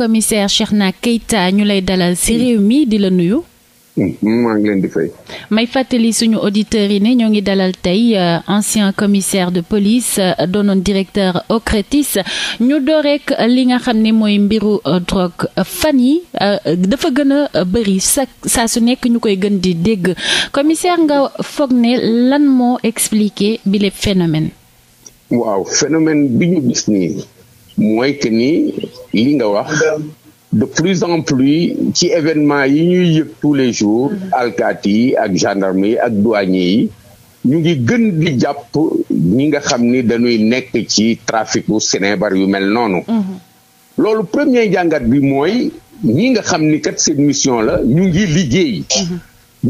commissaire Cheikhna Keita ñu lay dalal si réew mi di la nuyu. Hmm, maa may fàttali suñu auditeurs yi ne ñoo ngi dalal tey euh, ancien commissaire de police euh, doonoon directeur OCRTIS ñu door li nga xam ne mooy mbiru euh, drogue fan yi dafa gën a bëri sa saa su nekk ñu koy gën di dégg commissaire nga foog ne lan moo explique bi lépp waaw phénomène bi ñu gis nii. mooy que ni li nga wax de plus en plus ci événement yi ñuy yëg tous les jours mm-hmm. alkaati yi ak gendarme yi ak douanier yi ñu ngi gën di jàpp ñi nga xam ni dañuy nekk ci traficu Sénébar yu mel noonu mm-hmm. loolu premier jàngat bi mooy ñi nga xam ni kat seen mission la ñu ngi liggéey mm-hmm.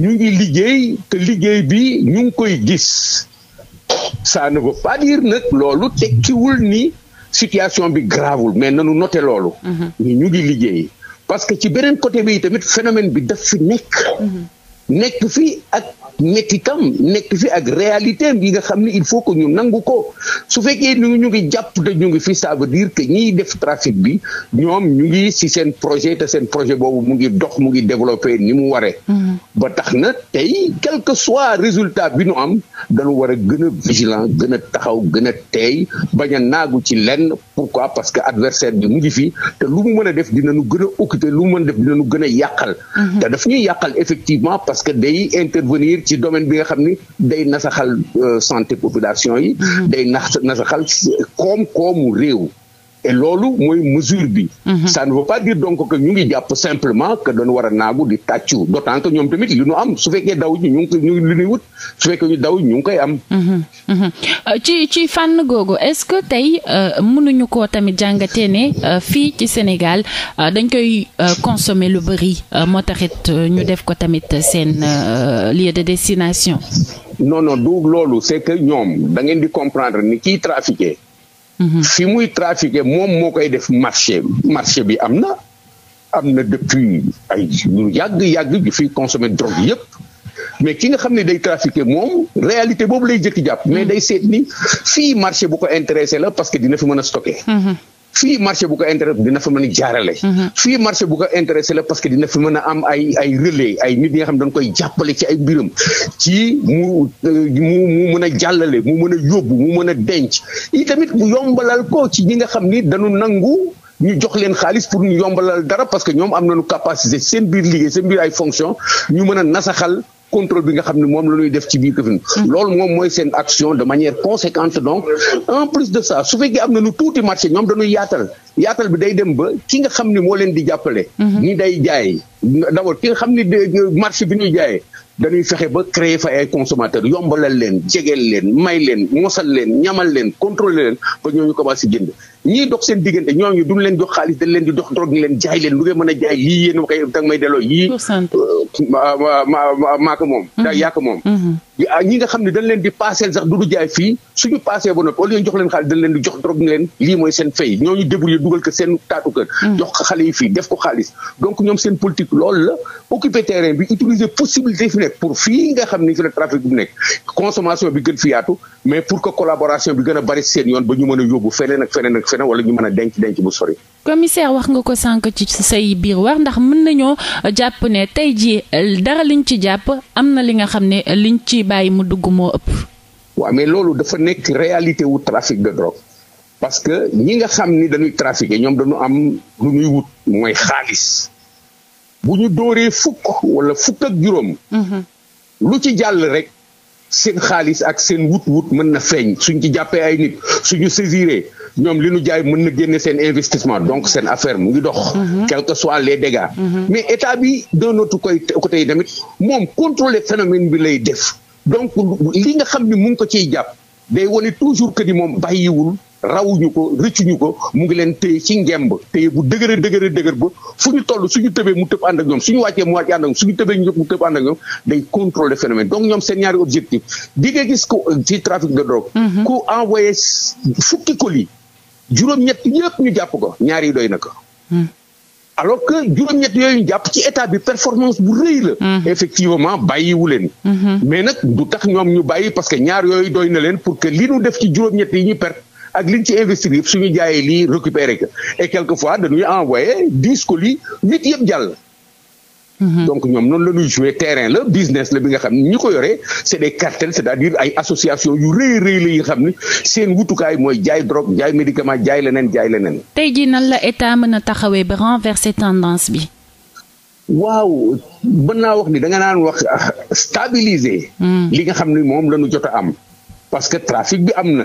ñu ngi liggéey te liggéey bi ñu ngi koy gis ça ne veut pas dire nag loolu tekkiwul ni situation bi gravul mais nanu noté loolu ñu mhm. ñu ngi liggéey parce que ci beneen côté bi tamit phénomène bi daf fi nekk mhm. nekk fii ak métitam nekk fi ak réalité bi nga xam ne il faut que ñu nangu ko su fekkee ñu ñu ngi jàpp te ñu ngi fi ça veut dire que ñiy def trafic bi ñoom ñu ngi si seen projet te seen projet boobu mu ngi dox mu ngi développé ni mu waree. Mm-hmm. ba tax na tey quel que soit résultat bi nu am dañu war a gën a vigilant gën a taxaw gën a teey bañ a naagu ci lenn pourquoi parce que adversaire bi mu ngi fi te lu mu mën a def dinañu gën a occupé lu mu mën a def dinañu gën a yàqal. Mm-hmm. parce que day intervenir. ci domaine bi nga xam ni day nasaxal euh, santé population yi mm-hmm. day nasaxal koom-koomu réew et loolu mooy mesure bi. Mhm. ça ne veut dire donc que ñu ngi jàpp simplement que dañu war a naagu di tàccu d'autant que ñoom tamit li nu am su fekkee daw ñu ngi ko ñu li ñuy wut su daw ñu ngi koy am. Mhm, mhm. Euh, ci ci fànn googu est-ce que tey euh, mënuñu ko tamit jàngate ne euh, fii ci Sénégal dañ koy consommer lu bëri moo taxit ñu def ko tamit seen lieu de destination. non non du loolu c'est que ñoom da ngeen di comprendre ni kiy trafiqué. Mm-hmm. fi muy trafiqué moom moo koy def marché marché bi am na am na depuis ay lu yàgg yàgg bi fiy consommé drogue yëpp mais ki nga xam ne day trafiqué moom réalité boobu lay jëkki jàpp mais mm-hmm. day seet ni fii marché bu ko intéressé la parce que dina fi mën a stocké mm-hmm. fii marché bu ko intéressé dina fa mën a jaarale. Mhm. fii marché bu ko intéressé la parce que dina fi mën a am ay ay relais ay nit yi xam dañ koy jàppale ci ay mbiram ci mu euh, mu mu mën a jàllale mu mën a yóbbu mu mën a denc yi tamit mu yombalal ko ci ñi nga xam ni dañu nangu. ñu jox leen xaalis pour ñu yombalal dara parce que ñoom am na nañu capacité seen biir liggéey seen biir ay fonction ñu mën a nasaxal contrôle bi nga xam ne moom la ñuy def ci biir Kaffrine mm. loolu moom mooy seen action de manière conséquente donc en plus de ça su fekkee am na lu tuuti marché ñoom dañuy yaatal yaatal bi day dem ba ki nga xam ni moo leen di jàppale mm-hmm. ñi day jaay d'abord ki nga xam ni marché bi ñuy jaayee dañuy fexe ba créer fa ay consommateurs yombalal leen jegeel leen may leen mosal leen ñamal leen contrôler leen ba ñooñu commencé jënd ñii dox seen diggante ñooñu du leen dox xaalis da leen di dox drogue leen jaay leen lu ngeen mën a jaay lii yéen ma koy danga may delloo yii euh, maa moom daa mm-hmm. yaa moom mm-hmm. ñi nga xam ne dañ leen di paaseel sax du du jaay fii suñu paasee ba noppi au lieu jox leen xaalis dañ leen di jox drogue leen lii mooy seen fay ñooñu débrouillé dugal ko seen taatu kër hmm. jox xale yi fii def ko xaalis donc ñoom seen politique lool la occuper terrain bi utiliser possibilité fi nekk pour fii nga xam ni fi la trafic bi nekk consommation bi gën fi mais pour que collaboration bi gën a bari seen yoon ba ñu mën a yóbbu feneen ak feneen ak feneen wala ñu mën a denc denc bu commissaire wax nga ko sànq ci say biir wax ndax mën nañoo jàpp ne tey jii eh, dara liñ ci jàpp am na li nga xam ne liñ ci bàyyi mu dugg moo ëpp. waaw loolu dafa nekk réalité wu trafic de drogue parce que ñi nga xam ni dañuy trafiquer ñoom dañu am lu ñuy wut mooy xaalis bu ñu dóoree fukk wala fukk ak juróom. Mhm. lu ci jàll rek. seen xaalis ak seen wut-wut mën na feeñ suñ ci jàppee ay nit suñu saisiree ñoom li ñu jaay mën na génne seen investissement donc seen affaire mu ngi dox. Mhm. quel que soit les dégâts. Mhm. mais état bi d'un autre côté yi tamit moom contrôler phénomène bi lay def donc li nga xam ni mu ngi ko ciy jàpp day wone toujours que ni moom bàyyiwul. rawuñu ko rëccuñu ko mu ngi leen téye ci ngemb téye bu dëgëra dëgëra dëgër ba fu ñu toll suñu tëbee mu tëb ànd ak ñoom suñu wàccee mu wàccee ànd ak ñoom suñu tëbee ñu mu tëb ànd ak ñoom ko ci trafic de drogue mhm. ñu jàpp ko ñaari yi na ko mhm. alors que juróom-ñett ci bi performance bu rëy la. Mhm. effectivement bàyyiwu ñu bàyyi parce que ñaar yooyu doy na leen pour que li ñu def ci juróom-ñett ñu perte. ak liñ ci investir yëpp suñu jaayee lii récupérer ko et quelquefois dañuy envoyé dix colis huit yëpp jàll. Mhm. donc ñoom noonu la ñuy jouer terrain la business la bi nga xam ne ñi ko yoree c'est des cartels cest à yu rëy yi nga xam ne seen wutukaay mooy jaay drogue jaay médicament jaay leneen jaay leneen. tey jii nan la état mën a taxawee ba renverser tendance bi. waaw mën naa wax ni da nga naan wax stabiliser. Mm. li nga xam ne moom la ñu jot a am. parce que trafic bi am na.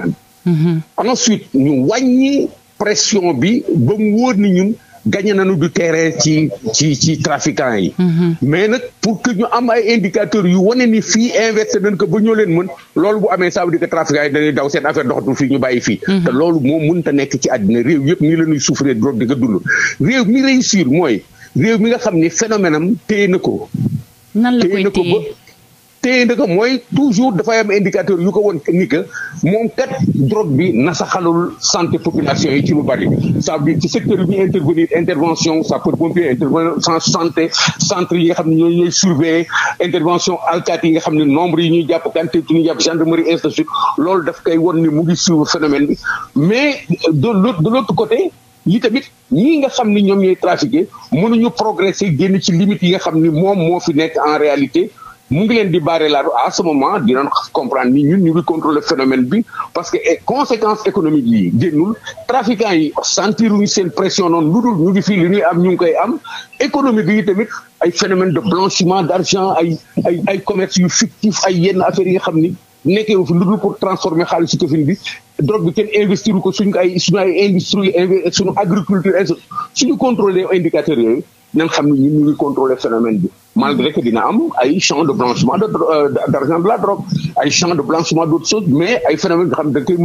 ensuite mm-hmm. ñu wàññi pression bi ba mu wóor ni ñun na nañu du terrain ci ci ci trafiquants yi. Mm-hmm. mais nag pour que ñu am ay indicateurs yu wane ni fii investir nañ ko ba ñoo leen mën loolu bu amee ça veut dire que trafiquants yi daw seen affaire doxatul fii ñu bàyyi fii. Mm-hmm. te loolu moo mënta nekk ci àddina réew yëpp nii la ñuy souffrir drogue di dund réew mi réussir mooy réew mi nga xam ni phénomène am téye na ko. nan la koy téye ndëgam mooy toujours dafa am indicateur yu ko woon ni que moom kat drogue bi na saxalul santé population yi ci lu bari ça veut ci secteur yi ñuy intervenir intervention sapeur-pompier intervention santé centre yi nga xam ne ñooy ñooy surveiller intervention alkaati yi nga xam ne nombre yi ñuy jàpp quantité yi ñuy jàpp gendarmerie ainsi de loolu daf koy won ni mu ngi suivre phénomène mais de l'autre de côté yi tamit ñii nga xam ni ñoom ñooy trafiqué mënuñu progresser génn ci limite yi nga xam ni moom moo fi nekk en réalité mu ngi leen di barrer la route à ce moment dinañ comprendre ni ñun ñu ngi contrôler phénomène bi parce que eh, conséquences économiques yi génnul trafiquants yi sentiruñu seen pression noonu lu dul ñu ngi fii li ñuy am ñu ngi koy am économie bi tamit ay phénomène de blanchiment d'argent ay ay ay commerce yu fictif ay yenn affaires yi nga xam ni nekkee wu fi lu dul pour transformer xaalis ci këfin bi donc bi kenn investir ko suñu ay suñu ay industrie suñu agriculture suñu contrôler indicateurs yooyu nañ xam ne ñun ñu contrôler phénomène bi malgré que dina am ay champs de blanchiment de d' euh, mais ay phénomène nga xam ne dañ koy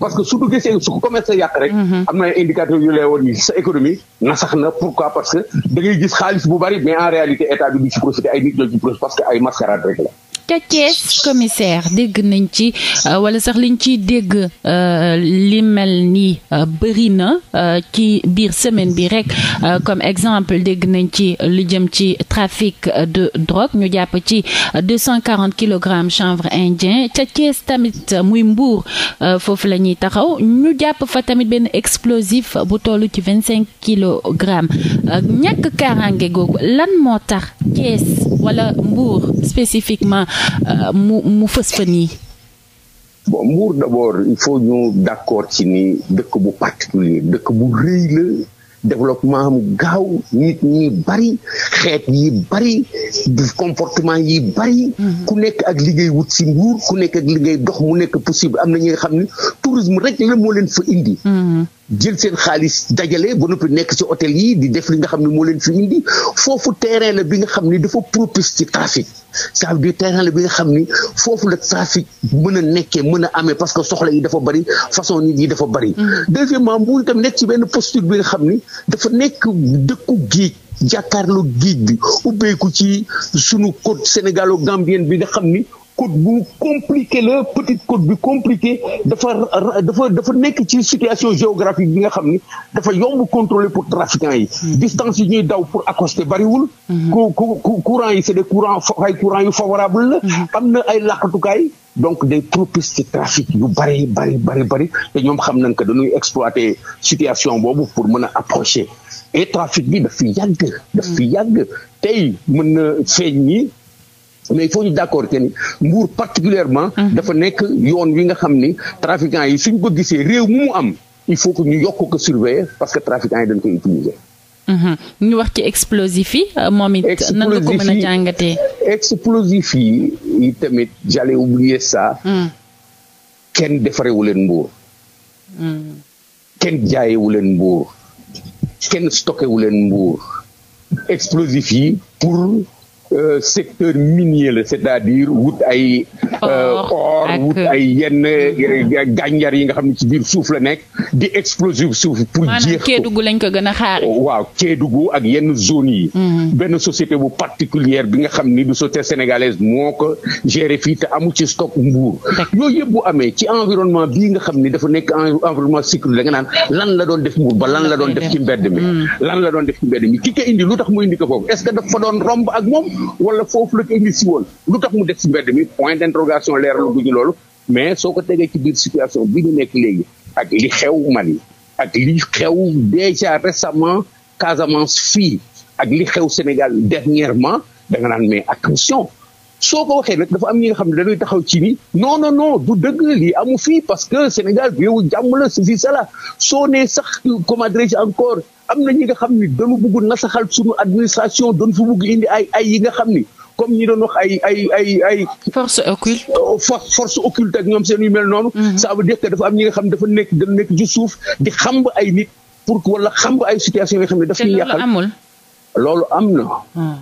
parce que su duggee seen su ko commencé rek. Mm-hmm. am na ay yu lay woon sa économie na sax na pourquoi parce que da ngay gis xaalis bu bari mais en réalité état bi du ci profité ay nit rek la. ca Thiès commissaire dégg nañ ci euh, wala sax liñ ciy dégg euh, li mel ni euh, bëri na ci biir semaine bi rek comme exemple dégg nañ ci lu jëm ci trafic de drogue ñu jàpp ci deux cent quarante kilogrammes chanvre indien ca Thiès tamit muy Mbour foofu la ñuy taxaw ñu jàpp fa tamit benn explosif bu tollu ci vingt cinq kilogrammes ñàkk kaaraange googu lan moo tax wala Mbour spécifiquement euh, mu mu fës fa nii bon Mbour d'abord il faut ñu d'accord ci ni dëkk bu particulier dëkk bu rëy développement am gaaw nit ñi bari xeet yi bari comportement yi bari. Mm-hmm. ku nekk ak liggéey wut si Mbour ku nekk ak liggéey dox mu nekk possible am na ñi xam ni tourisme rek la moo leen fa indi. Mm-hmm. jël seen xaalis dajale ba noppi nekk ci hôtel yi di def li nga xam ne moo leen fi indi foofu terrain la bi nga xam ni dafa propice ci trafic ça veut dire terrain la bi nga xam ni foofu la trafic mën a nekkee mën a amee parce que soxla yi dafa bari façon nit yi dafa bari. Mm-hmm. deuxièmement Mbour itam nekk ci benn posture bi nga xam ni dafa nekk dëkku géej. jàkkaarloo géej bi ubbeeku ci sunu côte sénégalo-gambienne bi nga xam ni côte bu compliqué la petite bi compliqué dafa dafa dafa nekk ci situation géographique bi nga xam ni dafa yomb contrôler pour trafiquants yi hmm. distance yi ñuy daw pour accoster bariwul hmm. ku ku courant yi c'est des courants ay courants yu favorable la hmm. am na ay làqatukaay donc day propice ci trafic yu bari bari bari bari te ñoom xam nañ que dañuy exploiter situation boobu pour mën a approcher et trafic bi daf fi yàgg daf fi yàgg tey mën na feeñ ñi mais il faut ñu d'accord que ni Mbour particulièrement mhm. dafa nekk yoon wi nga xam ni trafiquants yi suñ ko gisee réew mu mu am il faut que ñu yokk ko surveiller parce que trafiquants yi dañ koy utiliser mhm. ñu wax ci explosif yi euh, moom it nan nga ko mën a jàngatee explosif yi tamit j'allais oublier ça mm. kenn defarewu leen Mbour mm. kenn jaayewu leen Mbour kenn stockewu leen Mbour explosif yi pour Euh, secteur minier la c'est-à-dire wut ay Euh, or wut ay yenn euh, gànjar yi nga xam ne ci biir suuf la nekk di explosif suuf pour jeex Kédougou lañ ko gën a xaar waaw Kédougou ak yenn zone yi mhm. benn société bu particulière bi nga xam ni du société sénégalaise moo ko géré fii te amu ci stock mbuur yooyu yëpp bu amee ci environnement bii nga xam ni dafa nekk environnement sécurité da nga naan lan la doon def mbuur ba lan la doon def ci mbedd mi mhm. lan la doon def ci mbedd mi ki ko indi lu tax mu indi ko foofu est-ce que dafa doon romb ak moom wala foofu la si woon tax mu def ci situation leeralu ñu loolu mais soo ko tegee ci biir situation bi ñu nekk léegi ak li xew Mali ak li xew déjà récemment Casamance fii ak li xew Sénégal dernièrement da nga naan mais attention soo ko waxee nag dafa am ñi nga xam ne dañuy taxaw ci ni non non non du dëgg lii amu fii parce que Sénégal yow jàmm la si fii soo nee sax comment dirais encore am na ñi nga xam ni dañu bëgg nasaxal suñu administration dañu fa bëgg indi ay ay yi nga xam ni comme ñi doon wax ay ay ay ay. force occulte. Oh, force force occulte ak ñoom seen yu mel noonu. Mm-hmm. ça veut dire dafa am ñi nga xam ne dafa nekk dafa nekk ci suuf di xam ba ay nit pour wala xam ba ay situation yoo xam ne daf ñuy yàqal amul. loolu am na. Ah.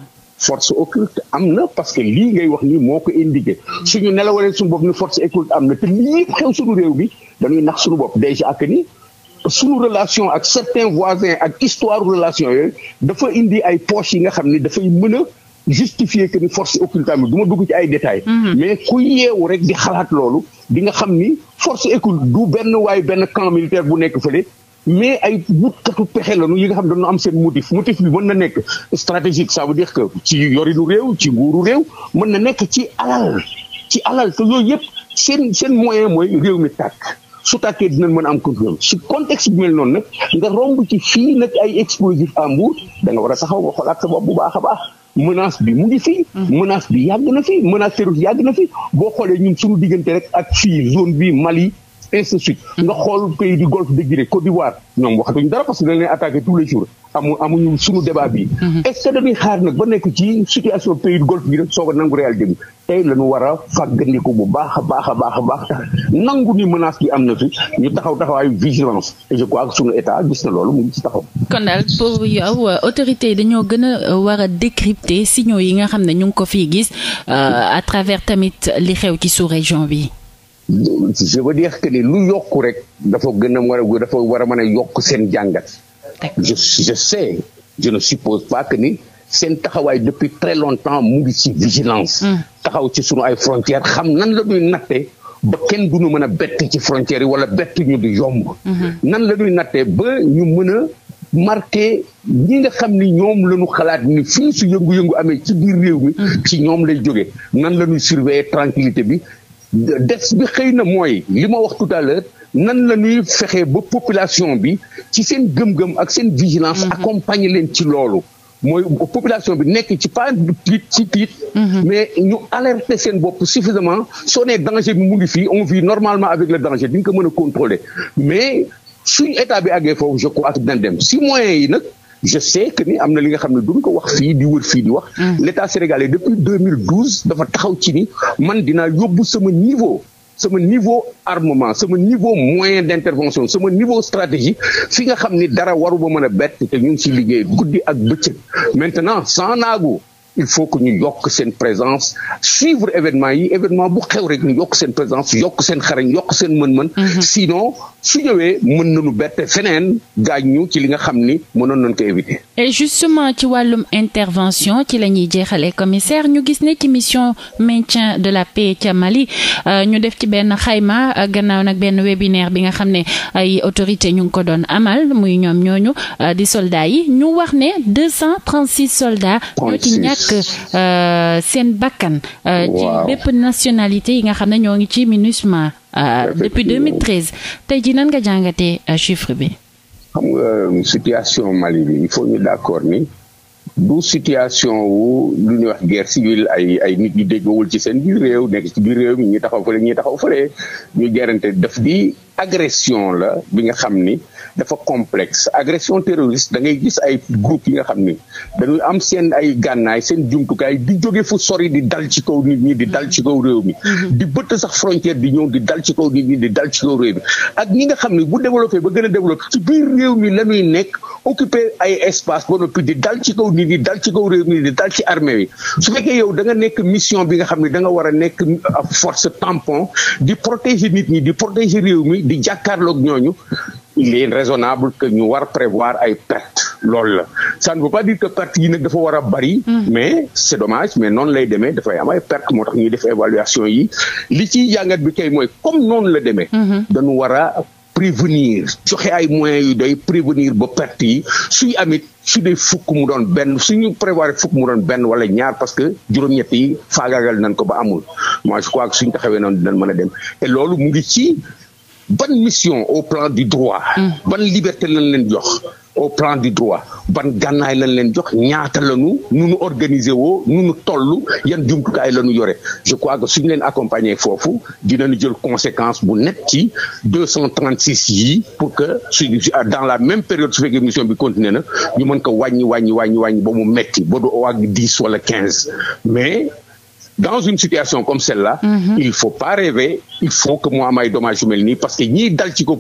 force occulte am na parce que lii ngay wax nii moo ko indiqué suñu nelawalee suñu bopp ni force occulte am na te lii xew suñu réew bi dañuy nax suñu bopp déjà ak ni suñu relation ak certains voisins ak histoire relation yooyu dafa indi ay poche yi nga xam ne dafay mën a justifier que ni force occulte am du ma dugg ci ay détails mhm. mais ku yeewu rek di xalaat loolu di nga xam ni force occulte du benn waay benn camp militaire bu nekk fële mais ay wutkatu pexe lañu yi nga xam dañu am seen motif motif bi mën na nekk stratégique ça veut dire que ci yorinu réew ci nguuru réew mën na nekk ci alal ci alal te yooyu yëpp seen seen moyen mooy réew mi tàkk su takkee dinañ mën a am contrôle si contexte bi mel noonu nag nga romb ci fii nag ay explosif à Mbour da war a taxaw nga xoolaat sa bopp bu baax a baax menace bi mu ngi fii mm-hmm. menace bi yàgg na fi menace terroriste yàgg na fi boo xoolee ñun suñu diggante rek ak fii zone bi Mali ainsi de suite nga xool pays du golfe de Guinée Côte d'Ivoire ñoom waxatuñ dara parce que dañ leen tous les jours amu amuñu suñu débat yi mhm. est ce que xaar nag ba nekk ci situation pays golfe bi rek soog a nangu réalité bi tey na ñu war a fàggandiku bu baax a baax a baax a baax tax nangu ni menace bi am na fi ñu taxaw taxawaayu vigilance et je crois que suñu état gis na loolu mu ngi ci taxaw. kon daal pour yow autorités yi dañoo gën a euh, war a décrypter signaux yi nga xam ne ñu ngi ko fii gis euh, à travers tamit li xew ci sous région bi. je veux dire que lu yokk rek dafa gën a war a war a mën a yokk seen jàngat. je je sais je ne suppose pas que ni seen taxawaay depuis très longtemps mu ngi ci vigilance. Mm. taxaw ci sunu ay frontières xam nan la ñuy nattee ba kenn du nu mën a bett ci frontières yi wala bett ñu du yomb. Mm-hmm. nan la ñuy nattee ba ñu mën a marqué ñi nga xam ni ñoom la ñu xalaat ni fii su yëngu-yëngu amee ci biir mi. Mm. ci ñoom lay jóge nan la ñuy surveiller tranquillité bi des bi xëy na mooy li ma wax tout à l'heure nan la ñuy fexe ba population bi ci seen gëm-gëm ak seen vigilance mhm. accompagner leen ci loolu mooy population bi nekk ci pas tiit ci tiit mhm. mais ñu alerte seen bopp suffisamment soo nee danger bi mu ngi fii on vit normalement avec le danger di ko mën a contrôler mais suñu état bi àggee foofu je ak dina dem si moyens yi nag je sais que ni am na li nga xam ne duñ ko wax fii di wax fii di wax. Mm. l' état sénégalais depuis dafa taxaw ci ni man dinaa yóbbu sama niveau. sama niveau armement sama niveau moyen d' intervention sama niveau stratégie fi nga xam ni dara waru ba mën a bett te ñu ngi si liggéey guddi ak bëccëg maintenant sans naagu il faut que ñu yokk seen présence suivre événement yi événement bu xew rek ñu yokk seen présence yokk seen xarañ yokk seen mën-mën. Mm-hmm. sinon su ñëwee mën nañu bette feneen gaañ ñu ci li nga xam ni mënoon nañ ko éviter. et justement ci wàllum intervention ci la ñuy jeexalee commissaire ñu gis ne ci mission maintien de la paix ca Mali euh, ñu def ci benn xayma euh, gannaaw nag benn webinaire bi nga xam ne ay autorité ñu ngi ko doon amal muy ñoom ñooñu euh, di soldats yi ñu wax ne deux cent trente six soldats. ak euh, seen bakkan. Euh, ci bépp nationalité yi nga xam ne ñoo ngi ci MINUSMA. Euh, depuis 2013 tey jii nan nga jàngatee chiffre bi. xam nga situation Mali bi il faut ñu d'accord ni du situation wu lu ñuy wax guerre civile ay ay nit ñu déggoowul ci seen biir réew nekk ci biir réew mi ñuy taxaw fële ñuy taxaw fële ñu gerante def di. agression la bi nga xam ni dafa complexe agression terroriste da ngay gis ay groupe yi nga xam ni dañuy am seen ay gànnaay seen jumtukaay di jóge fu sori di dal ci kaw nit ñi di dal ci kaw réew mi mm-hmm. di bëtt sax frontière di ñëw di dal ci kaw nit ñi di dal ci kaw ñi nga xam ni bu développé ba gën a développé ci biir réew mi la ñuy nekk occupé espace ba di dal ci kaw nit ñi dal ci kaw réew mi di dal ci armée bi su fekkee yow da nga nekk mission bi nga xam ni danga war a nekk euh, force tampon di protéger nit ñi di protéger réew mi di jàkkaarloog ñooñu il est raisonnable que ñu war prévoir ay pertes loolu la ça ne veut pas dire que pertes yi nag dafa war a bari. Mm. mais c' est mais noonu lay demee dafay am ay pertes moo tax ñuy def évaluation yi li ciy jàngat bi kay mooy comme noonu la demee. Mm-hmm. dañu war a prévenir joxe ay moyens yu doy prévenir bo perte yi suy amit su dee fukk mu doon benn suñu prévoir fukk mu doon benn wala ñaar parce que juróom-ñett yi faagaagal nañ ko ba amul moo j crois suñ taxawee noonu dinañ mën a dem ban mission au plan du droit. Mm. ban liberté lañ leen jox. au plan du droit ban gànnaay lañ leen jox ñaata lañu nu nu organiser woo nu nu toll yan jumtukaay la ñu yore je crois que suñ leen accompagner foofu dinañu jël conséquence bu net ci deux cent trente six yii pour que su ah, dans la même période su fekkee mission bi continuer na ñu mën ko wàññi wàññi wàññi wàññi ba mu metti ba du wàgg dix wala quinze mais dans une situation comme celle-là. Mm -hmm. il faut pas rêver il faut que mu am ay dommages yu parce que ñiy dal ci ko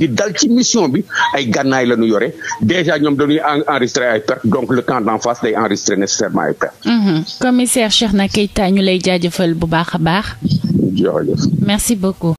di dal ci mission bi ay gànnaay la ñu yore déjà ñoom dañuy enregistré ay perte donc le camp d'en face day enregistré nécessairement ay perte. Mhm. commissaire Cheikhna Keita ñu lay jaajëfal bu baax a baax.